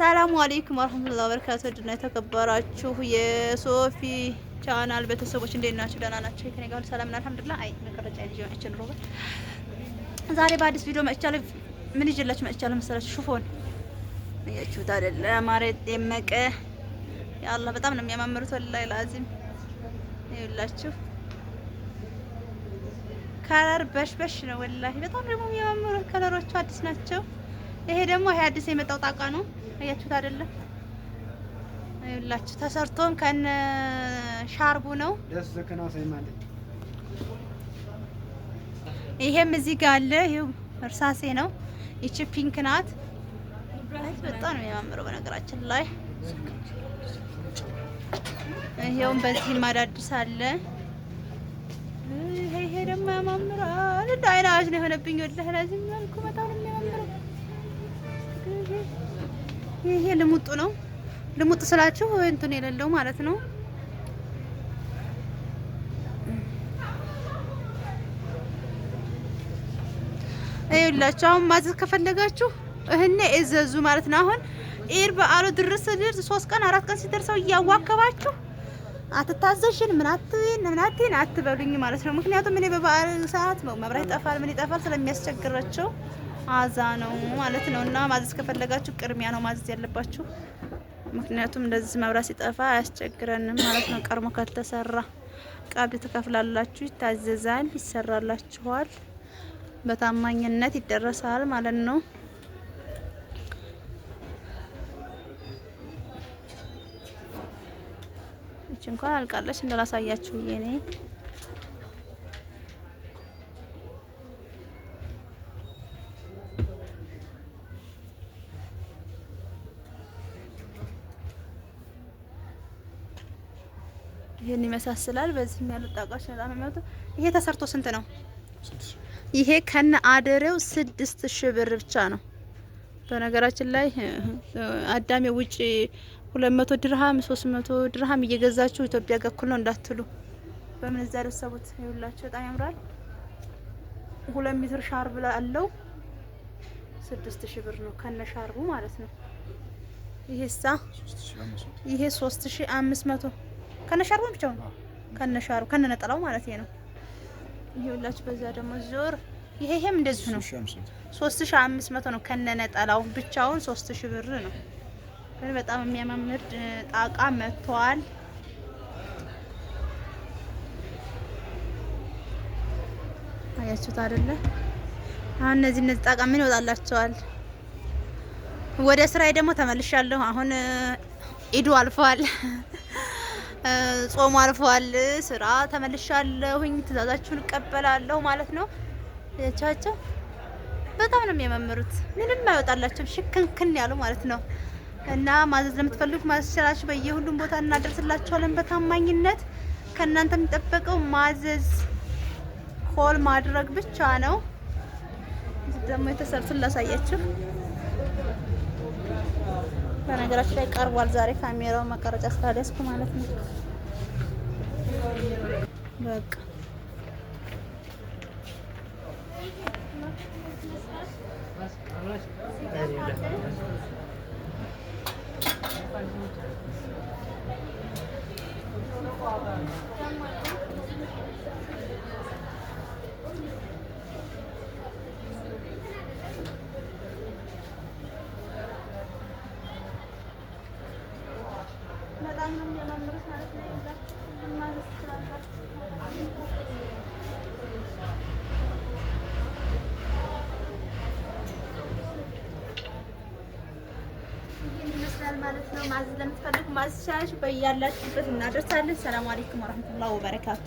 ሰላሙ አሌይኩም ወራህመቱላሂ ወበረካቱ። ድና የተከበራችሁ የሶፊ ቻናል ቤተሰቦች እንዴት ናችሁ? ደህና ናችሁ? ከኔ ጋር ሰላም እና አልሐምዱሊላህ። አይ መቀረጫ ልጅ ሆነችን ሮበት ዛሬ በአዲስ ቪዲዮ መጥቻለሁ። ምን ይዤላችሁ መጥቻለሁ መሰላችሁ? ሹፎን እያችሁት አይደለ? ማሬት የመቀ ያአላህ በጣም ነው የሚያማምሩት። ወላሂ ላዚም ይላችሁ ከለር በሽበሽ ነው ወላሂ በጣም ደግሞ የሚያማምሩት ከለሮቹ አዲስ ናቸው። ይሄ ደግሞ ይሄ አዲስ የመጣው ጣቃ ነው። አያችሁት አይደለም? ይኸውላችሁ ተሰርቶም ከነ ሻርቡ ነው። ደስ ሳይማል ይሄም እዚህ ጋር አለ። ይኸው እርሳሴ ነው። ይቺ ፒንክ ናት። በጣም ነው የሚያምረው በነገራችን ላይ ይሄውም በዚህ ማዳድስ አለ። ይሄ ደግሞ ያማምራል። እንደ አይናሽ ነው የሆነብኝ ወለህ ለዚህ መልኩ በጣም ይሄ ልሙጡ ነው። ልሙጥ ስላችሁ እንትን የሌለው ማለት ነው። ይኸውላችሁ አሁን ማዘዝ ከፈለጋችሁ እህኔ እዘዙ ማለት ነው። አሁን ኢድ በዓሉ ድርስ ድርስ ሶስት ቀን አራት ቀን ሲደርሰው እያዋከባችሁ አትታዘሽን ምን አትይን ምን አትይን አትበሉኝ ማለት ነው። ምክንያቱም እኔ በበዓል ሰዓት መብራት ይጠፋል ምን ይጠፋል ስለሚያስቸግራቸው አዛ ነው ማለት ነው። እና ማዘዝ ከፈለጋችሁ ቅድሚያ ነው ማዘዝ ያለባችሁ። ምክንያቱም እንደዚህ መብራት ሲጠፋ አያስቸግረንም ማለት ነው። ቀድሞ ካልተሰራ ቀብድ ትከፍላላችሁ፣ ይታዘዛል፣ ይሰራላችኋል፣ በታማኝነት ይደረሳል ማለት ነው። እቺ እንኳን አልቃለች። እንደላሳያችሁ የኔ ይሄን ይመሳስላል። በዚህም ያሉት ጣቃዎች በጣም የሚያወጡ። ይሄ ተሰርቶ ስንት ነው? ይሄ ከነ አደሬው ስድስት ሺህ ብር ብቻ ነው። በነገራችን ላይ አዳሜ ውጪ ሁለት መቶ ድርሃም ሶስት መቶ ድርሃም እየገዛችሁ ኢትዮጵያ ጋር እኩል ነው እንዳትሉ። በምንዛሬ ሰቡት ይውላችሁ። በጣም ያምራል። ሁለት ሜትር ሻርብ አለው። ስድስት ሺህ ብር ነው ከነ ሻርቡ ማለት ነው። ይሄሳ ይሄ ሶስት ሺህ አምስት መቶ ከነ ሻርቡ ብቻው ነው ከነ ሻርቡ ከነ ነጠላው ማለት ነው። ይውላችሁ። በዛ ደግሞ ዞር ይሄ ይሄም እንደዚህ ነው። ሶስት ሺህ አምስት መቶ ነው ከነ ነጠላው ብቻውን ሶስት ሺህ ብር ነው። በጣም የሚያማምር ጣቃ መጥቷል። አያችሁት አይደለ? አሁን እነዚህ እነዚህ ጣቃ ምን ይወጣላቸዋል? ወደ ስራዬ ደግሞ ተመልሻለሁ። አሁን ኢዱ አልፏል፣ ጾሙ አልፏል። ስራ ተመልሻለሁኝ። ትእዛዛችሁን እቀበላለሁ ማለት ነው። ያቻቸው በጣም ነው የሚያመምሩት? ምንም አይወጣላቸውም፣ ሽክንክን ያሉ ማለት ነው። እና ማዘዝ ለምትፈልጉ ማዘዝ በየሁሉም ቦታ እናደርስላችኋለን በታማኝነት። ከእናንተ የሚጠበቀው ማዘዝ ኮል ማድረግ ብቻ ነው። ደግሞ የተሰሩትን ላሳያችሁ። በነገራችን ላይ ቀርቧል። ዛሬ ካሜራው መቀረጫ ስላልያዝኩ ማለት ነው። በቃ በጣም ነው የሚያማምሩት ማለት ነው። ይመስላል ማለት ነው። ማዘዝ ለምትፈልጉ ማዘዣ በያላችሁበት እናደርሳለን። ሰላም አለይኩም ወረህመቱላሂ ወበረካቱ